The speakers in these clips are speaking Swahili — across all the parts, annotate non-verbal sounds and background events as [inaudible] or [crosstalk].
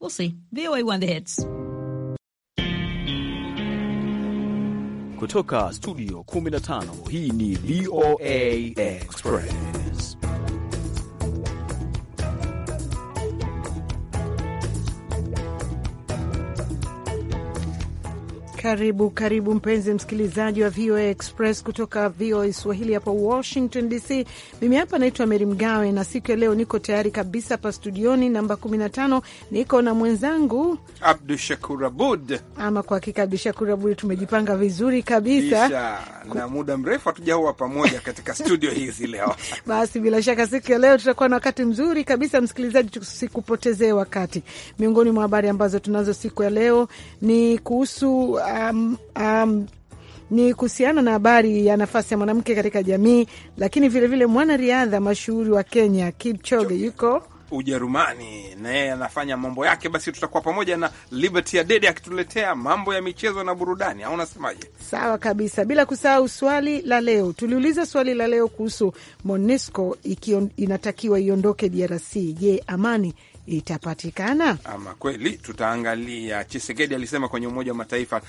We'll see. VOA1 The Hits. Kutoka studio 15 hii ni VOA Express. Karibu karibu mpenzi msikilizaji wa VOA Express kutoka VOA Swahili hapa Washington DC. Mimi hapa naitwa Meri Mgawe na siku ya leo niko tayari kabisa hapa studioni namba 15 niko na mwenzangu Abdu Shakur Abud. Ama kwa hakika Abdu Shakur Abud, tumejipanga vizuri kabisa Bisha, na muda mrefu hatujaua pamoja katika studio hizi leo [laughs] basi bila shaka siku ya leo tutakuwa na wakati mzuri kabisa msikilizaji, sikupotezee wakati. Miongoni mwa habari ambazo tunazo siku ya leo ni kuhusu uh, um, um, ni kuhusiana na habari ya nafasi ya mwanamke katika jamii, lakini vilevile mwanariadha mashuhuri wa Kenya Kipchoge yuko Ujerumani na yeye anafanya mambo yake. Basi tutakuwa pamoja na Liberty Adede akituletea mambo ya michezo na burudani, au unasemaje? Sawa kabisa, bila kusahau swali la leo. Tuliuliza swali la leo kuhusu MONUSCO ikion, inatakiwa iondoke DRC. Je, amani itapatikana ama kweli? Tutaangalia. Chisekedi alisema kwenye Umoja wa Mataifa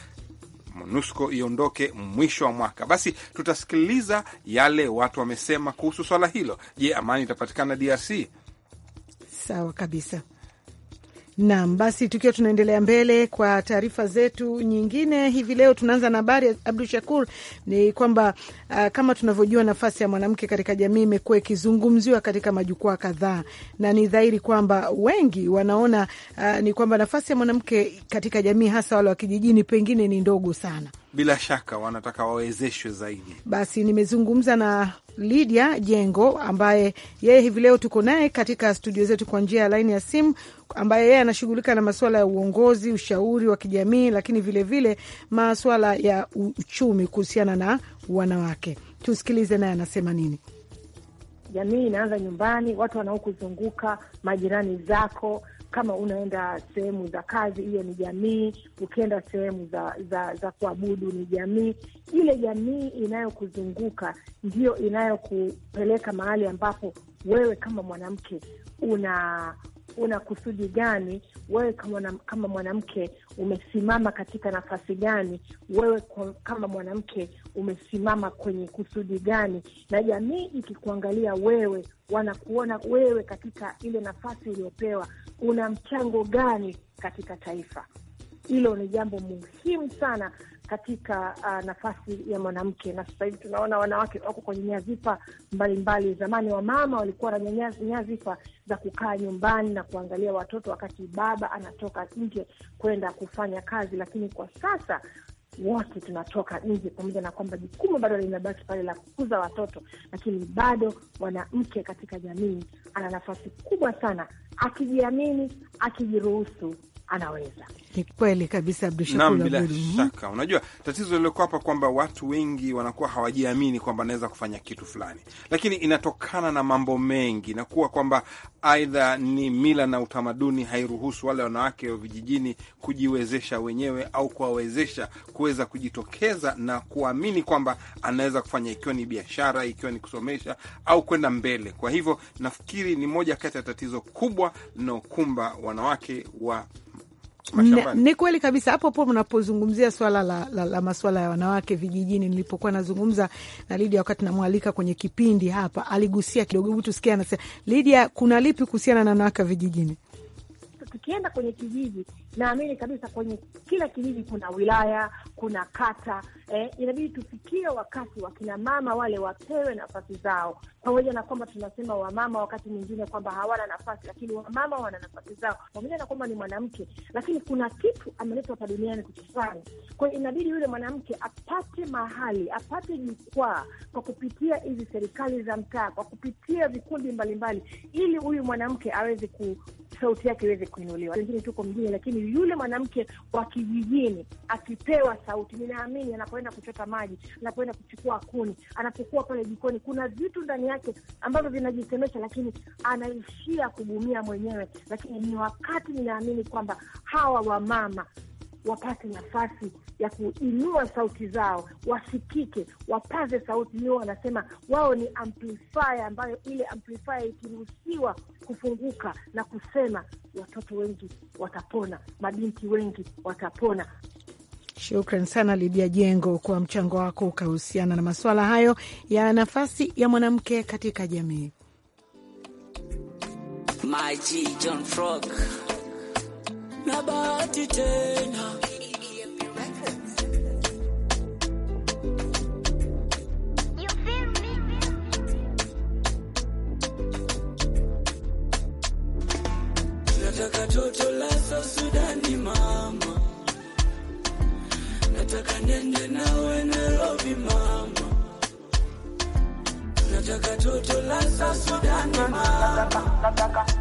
MONUSCO iondoke mwisho wa mwaka. Basi tutasikiliza yale watu wamesema kuhusu swala hilo. Je, amani itapatikana DRC? Sawa kabisa. Nam, basi tukiwa tunaendelea mbele kwa taarifa zetu nyingine hivi leo, tunaanza na habari Abdu Shakur ni kwamba uh, kama tunavyojua nafasi ya mwanamke katika jamii imekuwa ikizungumziwa katika majukwaa kadhaa, na ni dhahiri kwamba wengi wanaona uh, ni kwamba nafasi ya mwanamke katika jamii hasa wale wa kijijini pengine ni ndogo sana bila shaka wanataka wawezeshwe zaidi. Basi nimezungumza na Lydia Jengo ambaye yeye hivi leo tuko naye katika studio zetu kwa njia ya laini ya simu, ambaye yeye anashughulika na masuala ya uongozi, ushauri wa kijamii, lakini vilevile masuala ya uchumi kuhusiana na wanawake. Tusikilize naye anasema nini. Jamii inaanza nyumbani, watu wanaokuzunguka, majirani zako kama unaenda sehemu za kazi, hiyo ni jamii. Ukienda sehemu za za, za kuabudu ni jamii. Ile jamii inayokuzunguka ndiyo inayokupeleka mahali ambapo wewe kama mwanamke una una kusudi gani wewe kama, kama mwanamke umesimama katika nafasi gani? Wewe kama mwanamke umesimama kwenye kusudi gani? Na jamii ikikuangalia wewe, wanakuona wewe katika ile nafasi uliyopewa, una mchango gani katika taifa? hilo ni jambo muhimu sana katika uh, nafasi ya mwanamke. Na sasa hivi tunaona wanawake wako kwenye nyazifa mbalimbali. Zamani wamama walikuwa na nyazifa za kukaa nyumbani na kuangalia watoto wakati baba anatoka nje kwenda kufanya kazi, lakini kwa sasa wote tunatoka nje, pamoja na kwamba jukumu bado linabaki pale la kukuza watoto, lakini bado mwanamke katika jamii ana nafasi kubwa sana, akijiamini, akijiruhusu anaweza. Ni kweli kabisa, Abdushakur. Bila mhm. shaka, unajua tatizo lilokuwa hapa kwamba watu wengi wanakuwa hawajiamini kwamba anaweza kufanya kitu fulani, lakini inatokana na mambo mengi, nakuwa kwamba aidha ni mila na utamaduni hairuhusu wale wanawake wa vijijini kujiwezesha wenyewe au kuwawezesha kuweza kujitokeza na kuamini kwamba anaweza kufanya, ikiwa ni biashara, ikiwa ni kusomesha au kwenda mbele. Kwa hivyo nafikiri ni moja kati ya tatizo kubwa linaokumba wanawake wa ni kweli kabisa hapo hapo mnapozungumzia swala la, la, la maswala ya wanawake vijijini. Nilipokuwa nazungumza na Lidia wakati namwalika kwenye kipindi hapa, aligusia kidogo, hebu tusikia. Anasema Lidia, kuna lipi kuhusiana na wanawake vijijini? Tukienda kwenye kijiji naamini kabisa kwenye kila kijiji kuna wilaya, kuna kata eh, inabidi tufikie wakati wakina mama wale wapewe nafasi zao, pamoja na kwamba tunasema wamama wakati mwingine kwamba hawana nafasi, lakini wamama wana nafasi zao, pamoja na kwamba ni mwanamke, lakini kuna kitu ameletwa hapa duniani kukifanya. Kwa hiyo inabidi yule mwanamke apate mahali, apate jukwaa kwa kupitia hizi serikali za mtaa, kwa kupitia vikundi mbalimbali, ili huyu mwanamke aweze ku, sauti yake iweze kuinuliwa. Wengine tuko mjini lakini yule mwanamke wa kijijini akipewa sauti, ninaamini anapoenda kuchota maji, anapoenda kuchukua kuni, anapokuwa pale jikoni, kuna vitu ndani yake ambavyo vinajisemesha, lakini anaishia kugumia mwenyewe. Lakini ni wakati ninaamini kwamba hawa wamama wapate nafasi ya kuinua sauti zao, wasikike, wapaze sauti hiyo. Wanasema wao ni amplifier, ambayo ile amplifier ikiruhusiwa kufunguka na kusema, watoto wengi watapona, mabinti wengi watapona. Shukran sana Lidia Jengo kwa mchango wako ukahusiana na masuala hayo ya nafasi ya mwanamke katika jamii. My G, John Frog na bahati tena nataka toto la South Sudani mama, nataka nende nawe Nairobi mama, nataka toto la South Sudani mama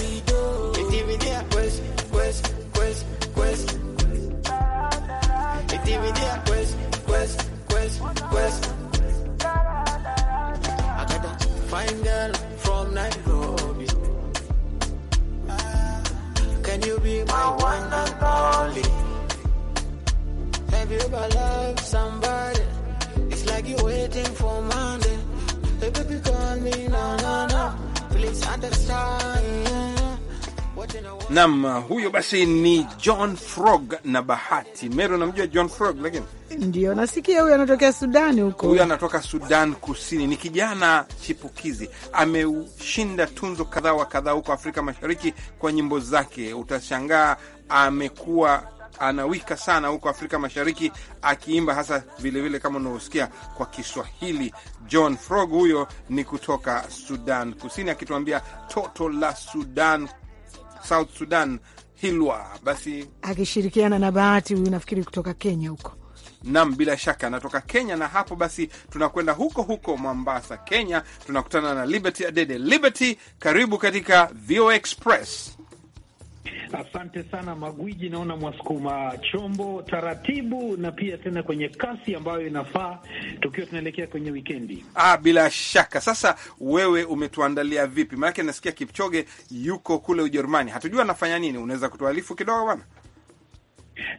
one and only. Have you ever loved somebody? It's like you're waiting for Monday. Hey, baby, call me, now, now, now. Please understand. Nam huyo basi ni John Frog na Bahati Meru. Namjua John Frog, lakini ndio nasikia huyo anatokea Sudani huko. Huyo anatoka Sudan Kusini, ni kijana chipukizi, ameshinda tunzo kadhaa wa kadhaa huko Afrika Mashariki kwa nyimbo zake. Utashangaa amekuwa anawika sana huko Afrika Mashariki akiimba hasa vilevile vile kama unavyosikia kwa Kiswahili. John Frog huyo ni kutoka Sudan Kusini akituambia toto la Sudan South Sudan Hilwa basi akishirikiana na Bahati huyu nafikiri kutoka Kenya huko nam bila shaka anatoka Kenya. Na hapo basi tunakwenda huko huko Mombasa, Kenya, tunakutana na Liberty Adede. Liberty, karibu katika VOA Express. Asante sana Magwiji, naona mwasukuma chombo taratibu na pia tena kwenye kasi ambayo inafaa, tukiwa tunaelekea kwenye wikendi. Ah, bila shaka. Sasa wewe umetuandalia vipi? Maanake nasikia Kipchoge yuko kule Ujerumani, hatujua anafanya nini. Unaweza kutuarifu kidogo bwana?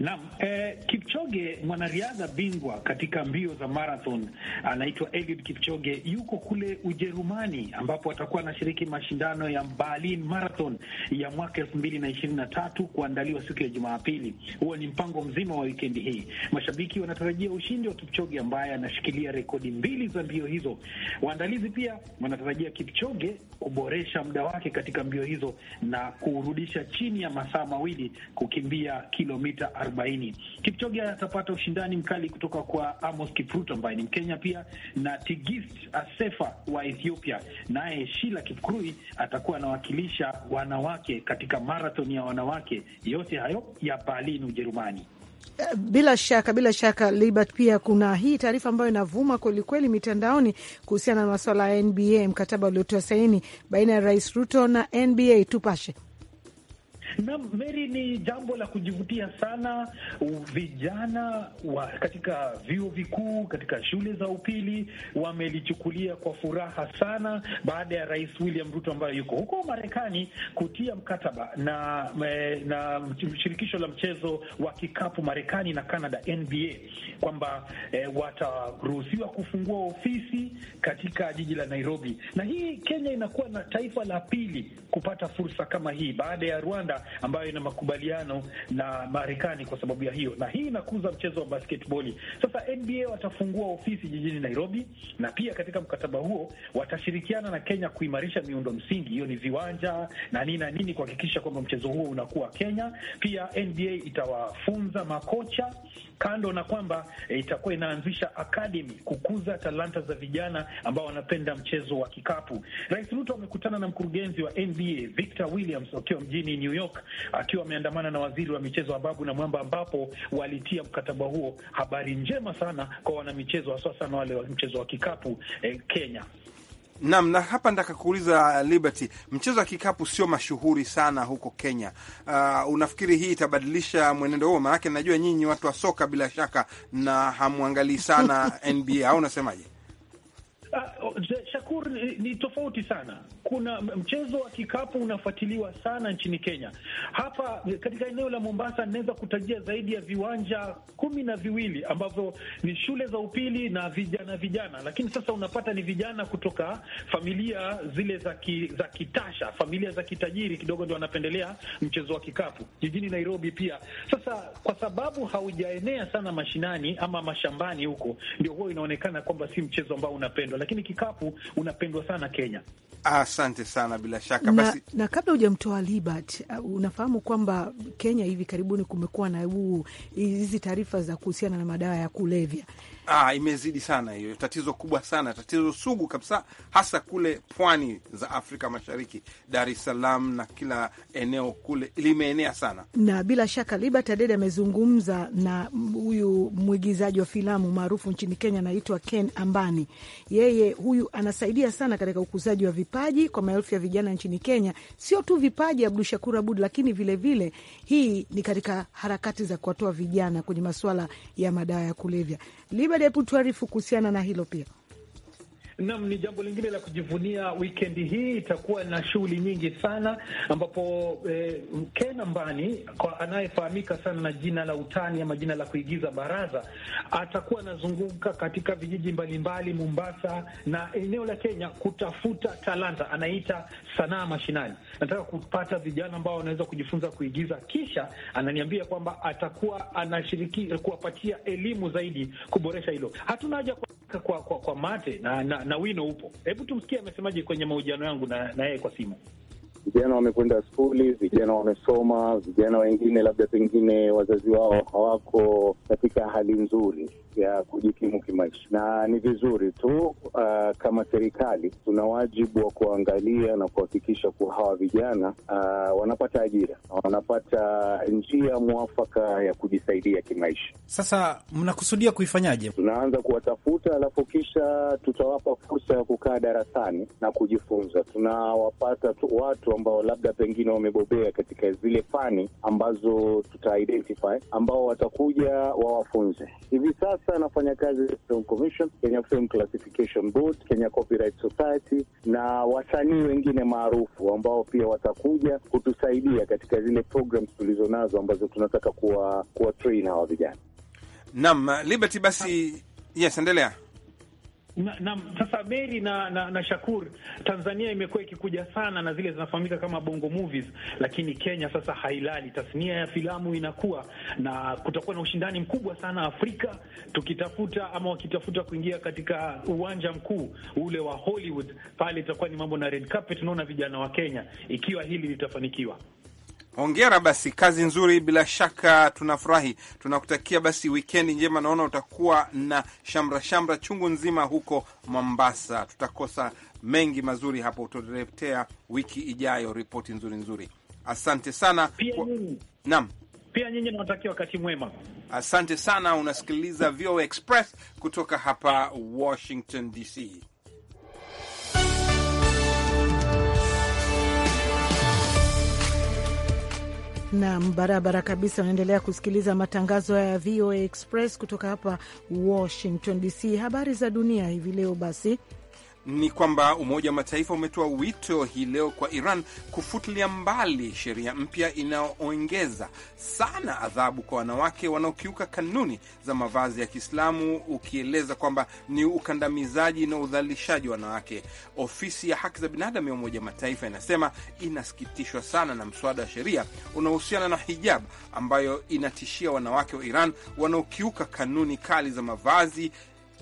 Naam, eh, Kipchoge mwanariadha bingwa katika mbio za marathon anaitwa Eliud Kipchoge, yuko kule Ujerumani ambapo atakuwa anashiriki mashindano ya Berlin Marathon ya mwaka elfu mbili na ishirini na tatu kuandaliwa siku ya Jumapili. Huo ni mpango mzima wa wikendi hii. Mashabiki wanatarajia ushindi wa Kipchoge ambaye anashikilia rekodi mbili za mbio hizo. Waandalizi pia wanatarajia Kipchoge kuboresha muda wake katika mbio hizo na kurudisha chini ya masaa mawili kukimbia kilomita arobaini. Kipchoge atapata ushindani mkali kutoka kwa Amos Kipruto ambaye ni Mkenya pia na Tigist Asefa wa Ethiopia, naye Shila Kipkurui atakuwa anawakilisha wanawake katika marathon ya wanawake. Yote hayo ya Berlin, Ujerumani. Eh, bila shaka bila shaka, Libert, pia kuna hii taarifa ambayo inavuma kwelikweli mitandaoni kuhusiana na masuala ya NBA, mkataba uliotoa saini baina ya Rais Ruto na NBA. Tupashe. Na Meri, ni jambo la kujivutia sana. Vijana wa katika vyuo vikuu, katika shule za upili wamelichukulia kwa furaha sana, baada ya Rais William Ruto ambaye yuko huko Marekani kutia mkataba na, na shirikisho la mchezo wa kikapu Marekani na Canada, NBA kwamba eh, wataruhusiwa kufungua ofisi katika jiji la Nairobi, na hii Kenya inakuwa na taifa la pili kupata fursa kama hii baada ya Rwanda ambayo ina makubaliano na Marekani kwa sababu ya hiyo, na hii inakuza mchezo wa basketboli. Sasa NBA watafungua ofisi jijini Nairobi, na pia katika mkataba huo watashirikiana na Kenya kuimarisha miundo msingi, hiyo ni viwanja na nini na nini, kuhakikisha kwamba mchezo huo unakuwa Kenya. Pia NBA itawafunza makocha, kando na kwamba eh, itakuwa inaanzisha akademi kukuza talanta za vijana ambao wanapenda mchezo wa kikapu. Rais Ruto amekutana na mkurugenzi wa NBA Victor Williams wakiwa mjini New York Rock akiwa ameandamana na waziri wa michezo Ababu na Mwamba, ambapo walitia mkataba huo. Habari njema sana kwa wanamichezo, haswa sana wale wa mchezo wa kikapu eh, Kenya. Naam, na hapa nataka kuuliza Liberty, mchezo wa kikapu sio mashuhuri sana huko Kenya. Uh, unafikiri hii itabadilisha mwenendo huo? Maanake najua nyinyi watu wa soka bila shaka na hamwangalii sana [laughs] NBA au unasemaje? Ah, oh, Shakur, ni tofauti sana. Kuna mchezo wa kikapu unafuatiliwa sana nchini Kenya. Hapa katika eneo la Mombasa, naweza kutajia zaidi ya viwanja kumi na viwili ambavyo ni shule za upili na vijana vijana, lakini sasa unapata ni vijana kutoka familia zile za za kitasha, familia za kitajiri kidogo, ndio wanapendelea mchezo wa kikapu jijini Nairobi pia. Sasa kwa sababu haujaenea sana mashinani ama mashambani huko, ndio huwa inaonekana kwamba si mchezo ambao unapendwa lakini kikapu unapendwa sana Kenya. Ah, asante sana bila shaka na, basi... na kabla hujamtoa Libert, uh, unafahamu kwamba Kenya hivi karibuni kumekuwa na huu hizi taarifa za kuhusiana na madawa ya kulevya. Ah, imezidi sana hiyo, tatizo kubwa sana, tatizo sugu kabisa, hasa kule pwani za Afrika Mashariki, Dar es Salaam na kila eneo kule limeenea sana, na bila shaka Libert Adede amezungumza na huyu mwigizaji wa filamu maarufu nchini Kenya anaitwa Ken Ambani. Yeye huyu anasaidia sana katika ukuzaji wa vipi vipaji kwa maelfu ya vijana nchini Kenya, sio tu vipaji Abdu Shakur Abud, lakini vilevile vile, hii ni katika harakati za kuwatoa vijana kwenye masuala ya madawa ya kulevya. Libada, hebu tuarifu kuhusiana na hilo pia. Naam, ni jambo lingine la kujivunia. Wikendi hii itakuwa na shughuli nyingi sana, ambapo eh, Kena Mbani anayefahamika sana na jina la utani ama jina la kuigiza Baraza atakuwa anazunguka katika vijiji mbalimbali Mombasa na eneo la Kenya kutafuta talanta, anaita sanaa mashinani. Nataka kupata vijana ambao wanaweza kujifunza kuigiza, kisha ananiambia kwamba atakuwa anashiriki kuwapatia elimu zaidi kuboresha hilo. Hatuna haja kwa, kwa, kwa, kwa mate na, na, na wino upo. Hebu tumsikie amesemaje kwenye mahojiano yangu na yeye kwa simu. Vijana wamekwenda skuli, vijana wamesoma, vijana wengine labda pengine wazazi wao hawako katika hali nzuri ya kujikimu kimaisha, na ni vizuri tu uh, kama serikali tuna wajibu wa kuangalia na kuhakikisha kuwa hawa vijana uh, wanapata ajira, wanapata njia mwafaka ya kujisaidia kimaisha. Sasa mnakusudia kuifanyaje? Tunaanza kuwatafuta, alafu kisha tutawapa fursa ya kukaa darasani na kujifunza. Tunawapata tu watu ambao labda pengine wamebobea katika zile fani ambazo tuta ambao watakuja wawafunze. Hivi sasa nafanya kazi Film Commission, Kenya Film Classification Board, Kenya Copyright Society na wasanii wengine maarufu ambao pia watakuja kutusaidia katika zile programs tulizo nazo ambazo tunataka kuwa kuwa train hawa vijana. Naam, Liberty basi, yes, endelea nam na, sasa Mary na, na, na Shakur, Tanzania imekuwa ikikuja sana na zile zinafahamika kama bongo movies, lakini Kenya sasa hailali. Tasnia ya filamu inakuwa na kutakuwa na ushindani mkubwa sana Afrika, tukitafuta ama wakitafuta kuingia katika uwanja mkuu ule wa Hollywood, pale itakuwa ni mambo na red carpet. Tunaona vijana wa Kenya, ikiwa hili litafanikiwa Hongera basi, kazi nzuri, bila shaka tunafurahi. Tunakutakia basi wikendi njema, naona utakuwa na shamra shamra chungu nzima huko Mombasa. Tutakosa mengi mazuri hapo, utatuletea wiki ijayo ripoti nzuri nzuri. Asante sana kwa... naam pia nyinyi nawatakia wakati mwema, asante sana. Unasikiliza VOA Express kutoka hapa Washington DC. Nam, barabara kabisa. Unaendelea kusikiliza matangazo ya VOA Express kutoka hapa Washington DC. Habari za dunia hivi leo basi ni kwamba Umoja wa Mataifa umetoa wito hii leo kwa Iran kufutilia mbali sheria mpya inayoongeza sana adhabu kwa wanawake wanaokiuka kanuni za mavazi ya Kiislamu, ukieleza kwamba ni ukandamizaji na udhalilishaji wa wanawake. Ofisi ya haki za binadamu ya Umoja wa Mataifa inasema inasikitishwa sana na mswada wa sheria unaohusiana na hijab ambayo inatishia wanawake wa Iran wanaokiuka kanuni kali za mavazi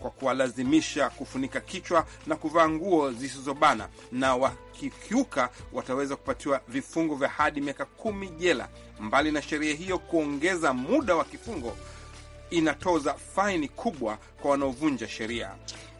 kwa kuwalazimisha kufunika kichwa na kuvaa nguo zisizobana, na wakikiuka wataweza kupatiwa vifungo vya hadi miaka kumi jela. Mbali na sheria hiyo kuongeza muda wa kifungo, inatoza faini kubwa kwa wanaovunja sheria.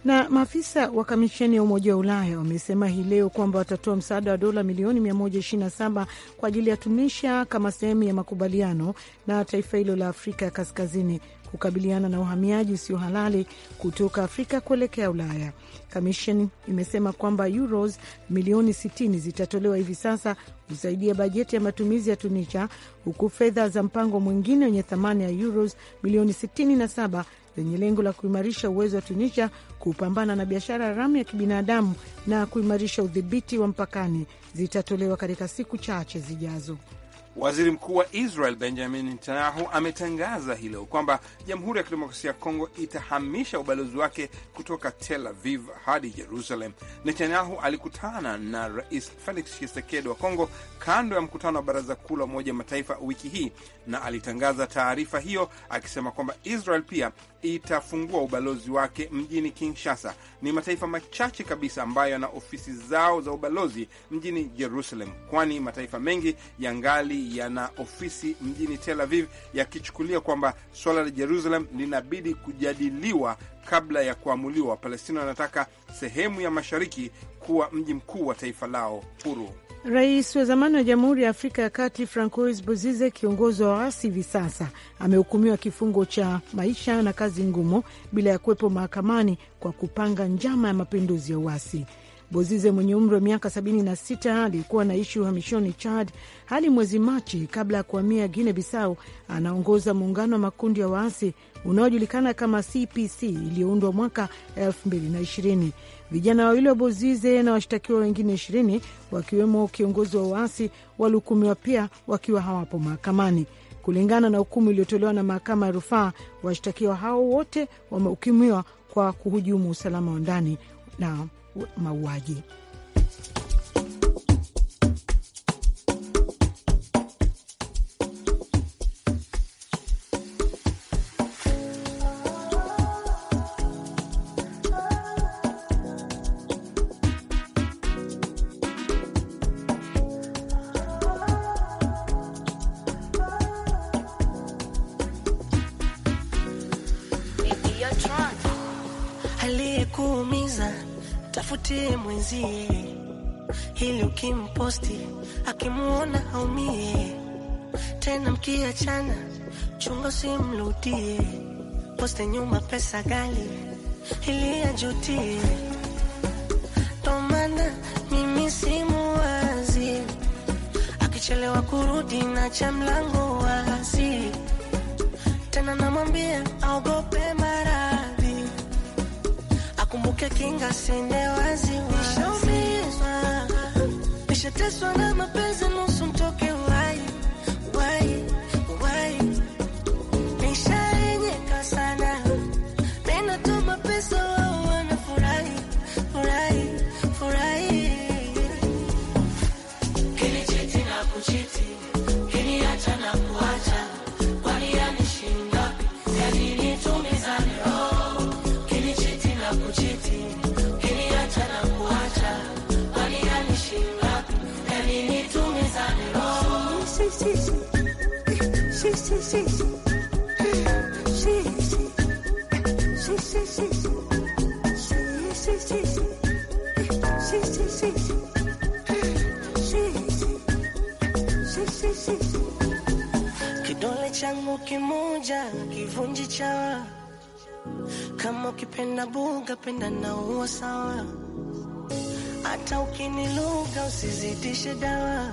Na maafisa wa kamisheni ya Umoja wa Ulaya wamesema hii leo kwamba watatoa msaada wa dola milioni 127 kwa ajili ya Tunisia kama sehemu ya makubaliano na taifa hilo la Afrika ya Kaskazini kukabiliana na uhamiaji usio halali kutoka Afrika kuelekea Ulaya. Kamishen imesema kwamba euros milioni 60 zitatolewa hivi sasa kusaidia bajeti ya matumizi ya Tunisia, huku fedha za mpango mwingine wenye thamani ya euros milioni 67 zenye lengo la kuimarisha uwezo wa Tunisia kupambana na biashara haramu ya kibinadamu na kuimarisha udhibiti wa mpakani zitatolewa katika siku chache zijazo. Waziri Mkuu wa Israel Benjamin Netanyahu ametangaza hii leo kwamba Jamhuri ya Kidemokrasia ya Kongo itahamisha ubalozi wake kutoka Tel Aviv hadi Jerusalem. Netanyahu alikutana na Rais Felix Tshisekedi wa Kongo kando ya mkutano wa Baraza Kuu la Umoja Mataifa wiki hii, na alitangaza taarifa hiyo akisema kwamba Israel pia itafungua ubalozi wake mjini Kinshasa. Ni mataifa machache kabisa ambayo yana ofisi zao za ubalozi mjini Jerusalem, kwani mataifa mengi yangali yana ofisi mjini Tel Aviv yakichukulia kwamba suala la Jerusalem linabidi kujadiliwa kabla ya kuamuliwa. Wapalestina wanataka sehemu ya mashariki kuwa mji mkuu wa taifa lao huru. Rais wa zamani wa Jamhuri ya Afrika ya Kati Francois Bozize, kiongozi wa waasi hivi sasa, amehukumiwa kifungo cha maisha na kazi ngumu bila ya kuwepo mahakamani kwa kupanga njama ya mapinduzi ya uasi. Bozize mwenye umri wa miaka 76 aliyekuwa anaishi uhamishoni Chad hadi mwezi Machi kabla ya kuhamia guine Bissau. Anaongoza muungano wa makundi ya waasi unaojulikana kama CPC iliyoundwa mwaka 2020. Vijana wawili wa Bozize na washtakiwa wengine 20 wakiwemo kiongozi wa waasi walihukumiwa pia wakiwa hawapo mahakamani. Kulingana na hukumu iliyotolewa na mahakama ya rufaa, washtakiwa hao wote wamehukumiwa kwa kuhujumu usalama wa ndani na mauaji. Aliyekuumiza tafutie mwenzie, ili ukimposti akimuona haumie tena. Mkiachana chunga usimrudie, poste nyuma pesa gali ili ajutie. Tomana mimi simuwazi, akichelewa kurudi na cha mlango wazi, tena namwambia aogope mara Nishike kinga sende wazi nishaumizwa nishateswa na mapenzi nusu mtoke Kidole changu kimoja kivunji chawa, kama ukipenda buga penda na uwa sawa, hata ukiniluga usizidishe dawa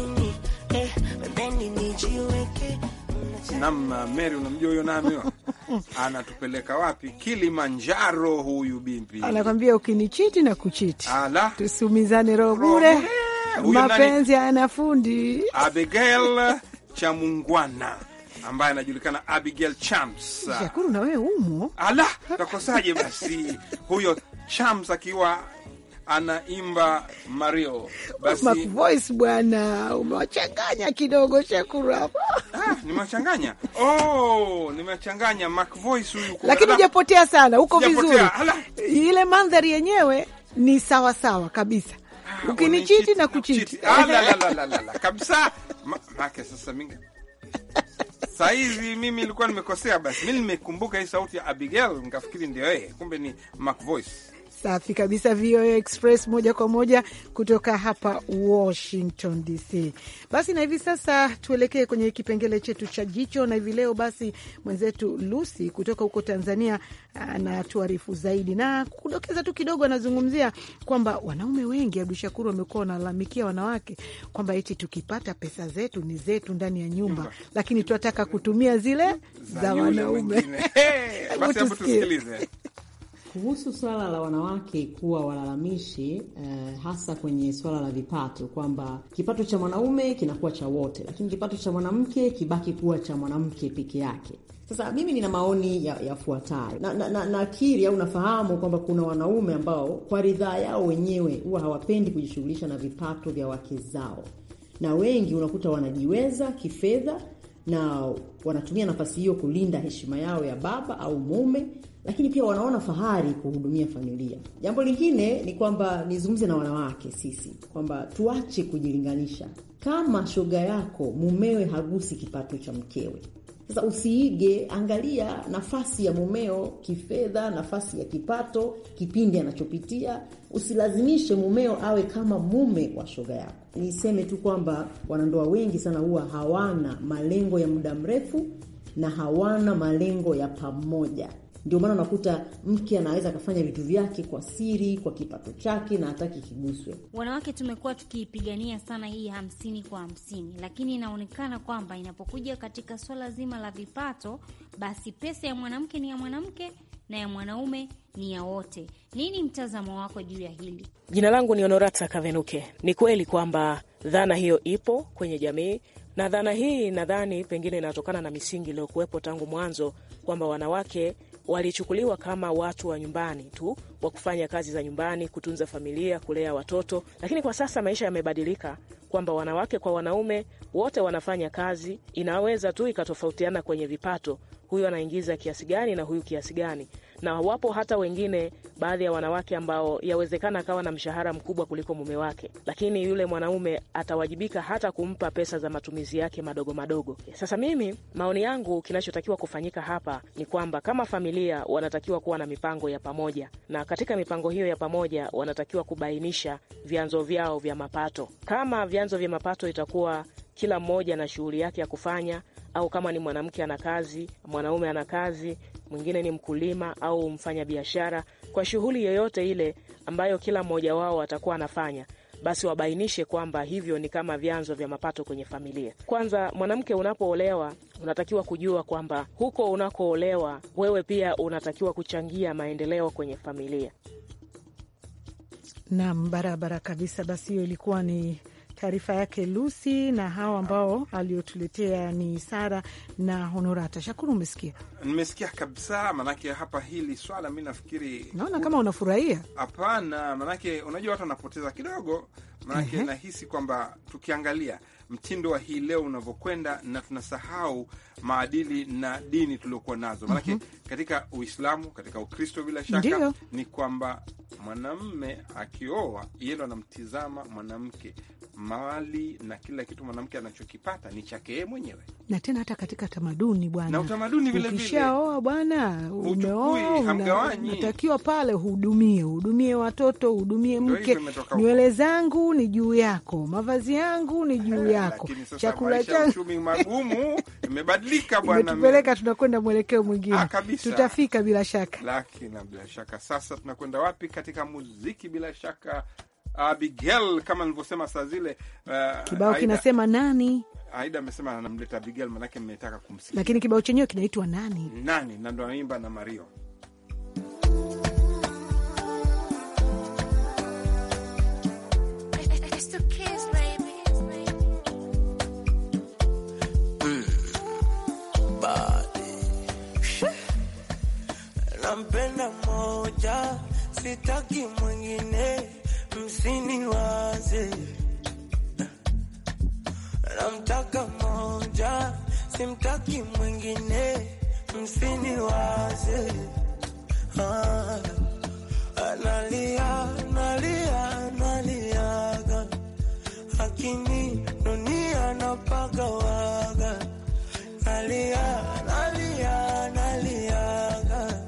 namna Mary, unamjua huyo nami [laughs] anatupeleka wapi? Kilimanjaro huyu bibi anakwambia ukinichiti na kuchiti, tusiumizane roho bure, mapenzi nafundi Abigail Chamungwana ambaye anajulikana Abigail Champs, Shakuru, na wewe umo. Ala, takosaje basi huyo Champs akiwa anaimba Mario. Basi bwana, umewachanganya kidogo Shakura. Ah, nimewachanganya. [laughs] Oh, nimewachanganya huyu. Lakini hujapotea sana, uko vizuri. Ile mandhari yenyewe ni sawasawa sawa kabisa. Ah, ukinichiti na kuchiti. Kabisa. make sasa mingi. Saizi mimi nilikuwa nimekosea basi. mi nimekumbuka hii sauti ya Abigail nikafikiri ndio yeye. Kumbe ni MacVoice. Safi kabisa, VOA Express moja kwa moja kutoka hapa Washington DC. Basi na hivi sasa tuelekee kwenye kipengele chetu cha jicho, na hivi leo basi mwenzetu Lucy kutoka huko Tanzania anatuarifu ah, zaidi na kudokeza tu kidogo, anazungumzia kwamba wanaume wengi, Abdu Shakuru, wamekuwa wanalalamikia wanawake kwamba eti tukipata pesa zetu ni zetu ndani ya nyumba, lakini tunataka kutumia zile za wanaume. Hebu [laughs] tusikilize. Kuhusu swala la wanawake kuwa walalamishi eh, hasa kwenye swala la vipato, kwamba kipato cha mwanaume kinakuwa cha wote, lakini kipato cha mwanamke kibaki kuwa cha mwanamke peke yake. Sasa mimi nina maoni yafuatayo ya na nakiri na, na au nafahamu kwamba kuna wanaume ambao kwa ridhaa yao wenyewe huwa hawapendi kujishughulisha na vipato vya wake zao, na wengi unakuta wanajiweza kifedha na wanatumia nafasi hiyo kulinda heshima yao ya baba au mume lakini pia wanaona fahari kuhudumia familia. Jambo lingine ni kwamba nizungumze na wanawake sisi kwamba tuache kujilinganisha. Kama shoga yako mumewe hagusi kipato cha mkewe, sasa usiige, angalia nafasi ya mumeo kifedha, nafasi ya kipato, kipindi anachopitia. Usilazimishe mumeo awe kama mume wa shoga yako. Niseme tu kwamba wanandoa wengi sana huwa hawana malengo ya muda mrefu na hawana malengo ya pamoja. Ndio maana unakuta mke anaweza akafanya vitu vyake kwa siri, kwa kipato chake na hataki kiguswe. Wanawake tumekuwa tukiipigania sana hii hamsini kwa hamsini, lakini inaonekana kwamba inapokuja katika swala zima la vipato, basi pesa ya mwanamke ni ya mwanamke na ya mwanaume ni ya wote. Nini mtazamo wako juu ya hili? Jina langu ni Honorata Kavenuke. Ni kweli kwamba dhana hiyo ipo kwenye jamii na dhana hii nadhani pengine inatokana na misingi iliyokuwepo tangu mwanzo kwamba wanawake walichukuliwa kama watu wa nyumbani tu wa kufanya kazi za nyumbani, kutunza familia, kulea watoto. Lakini kwa sasa maisha yamebadilika, kwamba wanawake kwa wanaume wote wanafanya kazi. Inaweza tu ikatofautiana kwenye vipato, huyu anaingiza kiasi gani na huyu kiasi gani, na wapo hata wengine baadhi ya wanawake ambao yawezekana akawa na mshahara mkubwa kuliko mume wake, lakini yule mwanaume atawajibika hata kumpa pesa za matumizi yake madogo madogo. Sasa mimi maoni yangu, kinachotakiwa kufanyika hapa ni kwamba kama familia wanatakiwa kuwa na mipango ya pamoja, na katika mipango hiyo ya pamoja wanatakiwa kubainisha vyanzo vyao vya mapato. Kama vyanzo vya mapato itakuwa kila mmoja na shughuli yake ya kufanya, au kama ni mwanamke ana kazi, mwanaume ana kazi, mwingine ni mkulima au mfanya biashara, kwa shughuli yoyote ile ambayo kila mmoja wao atakuwa anafanya basi wabainishe kwamba hivyo ni kama vyanzo vya mapato kwenye familia. Kwanza, mwanamke unapoolewa, unatakiwa kujua kwamba huko unakoolewa wewe pia unatakiwa kuchangia maendeleo kwenye familia. Nam, barabara kabisa. Basi hiyo ilikuwa ni taarifa yake Lucy, na hao ambao aliotuletea ni Sara na Honorata. Shakuru, umesikia? Nimesikia kabisa, manake hapa hili swala mi nafikiri naona kama unafurahia. Hapana, manake unajua watu wanapoteza kidogo, manake uh -huh. Nahisi kwamba tukiangalia mtindo wa hii leo unavyokwenda na tunasahau maadili na dini tuliokuwa nazo, manake mm -hmm. katika Uislamu, katika Ukristo bila shaka Ndiyo. ni kwamba mwanamme akioa yeye ndo anamtizama mwanamke mali na kila kitu mwanamke anachokipata ni chake yeye mwenyewe. Na tena hata katika tamaduni bwana, na utamaduni vile vile, ukishaoa bwana, umeoa unatakiwa pale uhudumie, uhudumie watoto, uhudumie mke, nywele zangu ni juu yako, mavazi yangu ni juu eh, yako, chakula changu magumu. [laughs] Imebadilika bwana, imetupeleka tunakwenda mwelekeo mwingine, ah, tutafika bila shaka. Lakini bila shaka sasa tunakwenda wapi katika muziki? Bila shaka Abigail kama nilivyosema saa zile uh, kibao kinasema nani Aida amesema anamleta Abigail, manake mmetaka kumsikia, lakini kibao chenyewe kinaitwa nani nani, na ndo anaimba na Mario. Hmm, Nampenda moja, sitaki mwingine msini msiniwaze, namtaka moja, simtaki mwingine, msini waze ah, analia nalia naliaga, lakini dunia napagawaga, nalia nalia naliaga,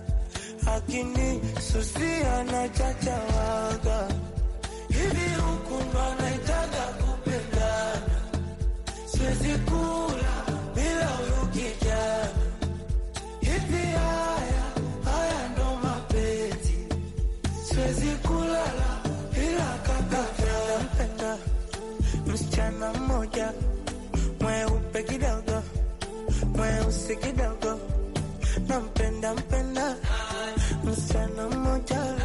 lakini susia na chachawaga Msichana mmoja mweupe kidogo, mweusi kidogo, nampenda mpenda. Msichana mmoja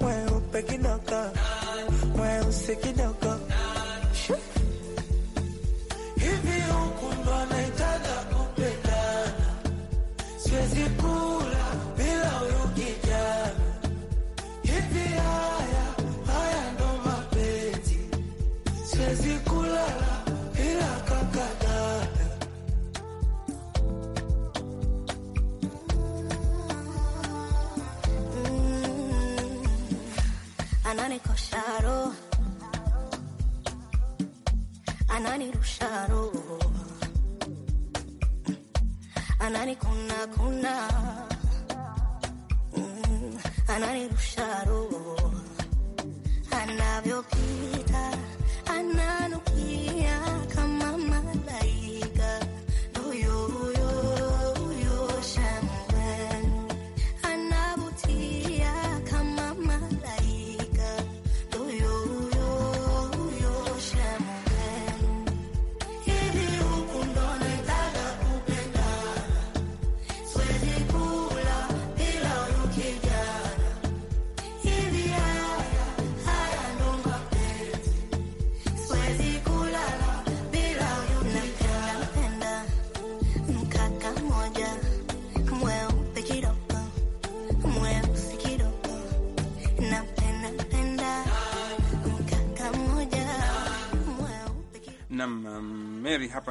mweupe kidogo it kidogo anani kuna kuna mm, anani rusha roho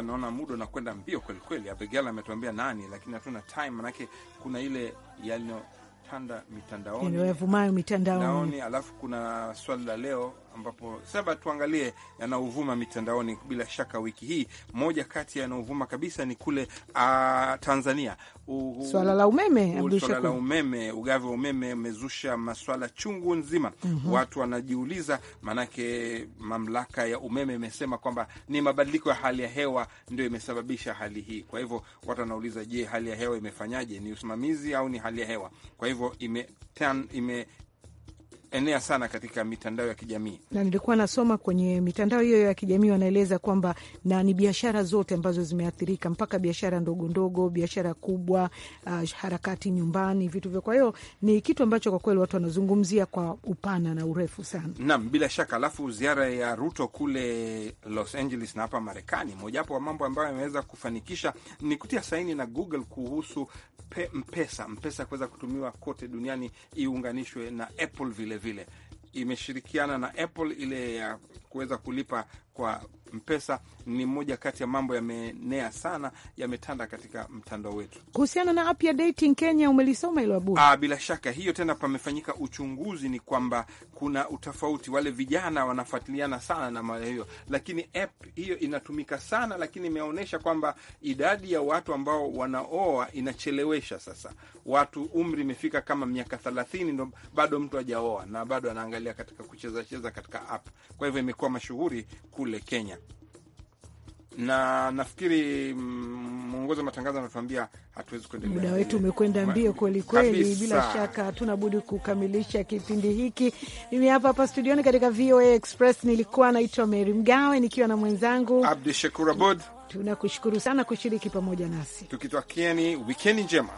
naona muda unakwenda mbio kweli kweli. Abigela ametuambia nani, lakini hatuna time, manake kuna ile yaliyotanda mitandaoni, yanayovumayo mitandaoni, alafu kuna swali la leo ambapo saba, tuangalie yanaovuma mitandaoni. Bila shaka wiki hii moja kati yanaovuma kabisa ni kule a, ah, Tanzania swala la umeme, swala la umeme, ugavi wa umeme umezusha maswala chungu nzima. mm -hmm. Watu wanajiuliza, maanake mamlaka ya umeme imesema kwamba ni mabadiliko ya hali ya hewa ndio imesababisha hali hii. Kwa hivyo watu wanauliza, je, hali ya hewa imefanyaje? Ni usimamizi au ni hali ya hewa? Kwa hivyo ime, ime enea sana katika mitandao ya kijamii, na nilikuwa nasoma kwenye mitandao hiyo ya kijamii, wanaeleza kwamba na ni biashara zote ambazo zimeathirika, mpaka biashara ndogo ndogo, biashara kubwa, uh, harakati nyumbani, vitu vyo. Kwa hiyo ni kitu ambacho kwa kweli watu wanazungumzia kwa upana na urefu sana. Naam, bila shaka. Alafu ziara ya Ruto kule Los Angeles na hapa Marekani, mojawapo wa mambo ambayo ameweza kufanikisha ni kutia saini na Google kuhusu pe, Mpesa, Mpesa kuweza kutumiwa kote duniani iunganishwe na Apple vilevile vile imeshirikiana na Apple ile ya kuweza kulipa kwa mpesa ni moja kati ya mambo yameenea sana, yametanda katika mtandao wetu. Kuhusiana na app ya dating Kenya, umelisoma hilo Abu? Ah, bila shaka hiyo. Tena pamefanyika uchunguzi, ni kwamba kuna utofauti. Wale vijana wanafuatiliana sana na mara hiyo, lakini app hiyo inatumika sana, lakini imeonyesha kwamba idadi ya watu ambao wanaoa inachelewesha. Sasa watu umri imefika kama miaka thelathini ndo bado mtu hajaoa na bado anaangalia katika kuchezacheza katika app, kwa hivyo imekuwa kuwa mashuhuri kule Kenya na nafikiri mm, mwongozi wa matangazo anatuambia hatuwezi kuendelea. Muda wetu umekwenda mbio kweli kweli, bila shaka hatuna budi kukamilisha kipindi hiki. Mimi hapa hapa studioni katika VOA Express nilikuwa naitwa Meri Mgawe nikiwa na mwenzangu Abdu Shakur Abod. Tunakushukuru sana kushiriki pamoja nasi, tukitwakieni wikendi njema.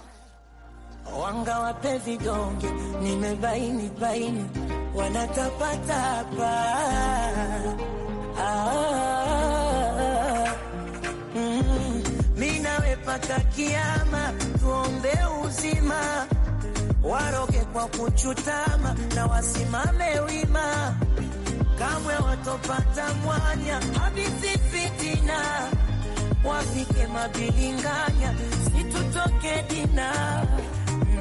Wanga wape vidonge nimebaini baini wanatapatapa ah, mm, kiama tuombe uzima waroge kwa kuchutama na wasimame wima, kamwe watopata mwanya habisi fitina, wafike mabilinganya situtoke dina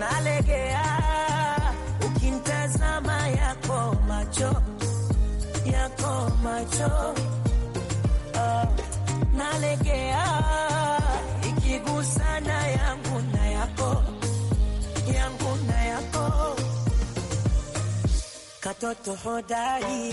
nalegea tazama yako macho yako macho uh, nalegea ikigusana yangu na yako yangu na yako katoto hodari